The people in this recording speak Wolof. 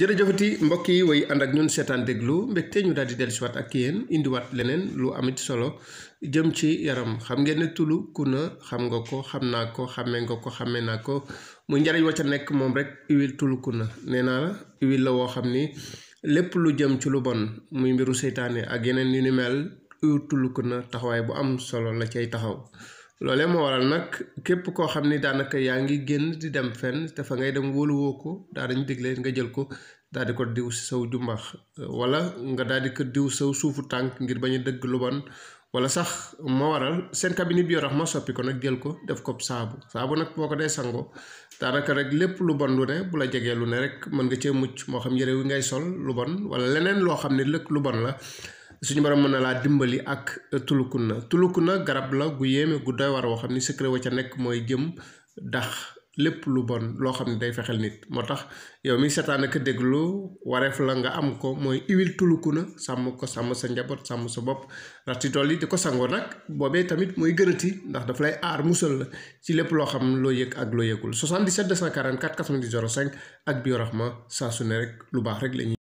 jërëjëfati mbokk yi way ànd ak ñun seetaan déglu mbégte ñu daal di dellusiwaat ak yéen indiwaat leneen lu amit solo jëm ci yaram xam ngeen ne tulu ku na xam nga ko xam naa ko xammee nga ko xammee naa ko muy njariñ wa ca nekk moom rek huile tulu ku na nee naa la huile la woo xam ni lépp lu jëm ci lu bon muy mbiru seytaane ak yeneen yu ni mel huile tulu ku na taxawaay bu am solo la cay taxaw loolee moo waral nag képp koo xam ni daanaka yaa ngi génn di dem fenn te ngay dem wóoluwoo ko daanañ digle nga jël ko dal di ko diw si saw jumbax wala nga daal di ko diw sëw suufu tànk ngir bañ a dëgg lu bon wala sax ma waral seen cabinet bi rax ma soppi ko nag jël ko def ko saabu saabu nag boo ko dee sango daanaka rek lépp lu bon lu ne bu la jegee lu ne rek mën nga cee mucc moo xam yëre wi ngay sol lu bon wala leneen loo xam ne lëkk lu la suñu borom mën na laa dimbali ak na tulukunna na garab la gu yéeme gu doy war woo xam ni secret wa ca nekk mooy jëm dax lépp lu bon loo xam ne day fexeel nit moo tax yow mi seetaan ak déglu wareef la nga am ko mooy iwil na sàmm ko sàmm sa njaboot sàmm sa bopp ndax ci tool yi di ko sangoo nag boobee tamit mooy gënati ndax daf lay aar musal la ci lépp loo xam loo yëg ak loo yëgul 77 244 90 05 ak Biorahma saa su ne rek lu baax rek la ñuy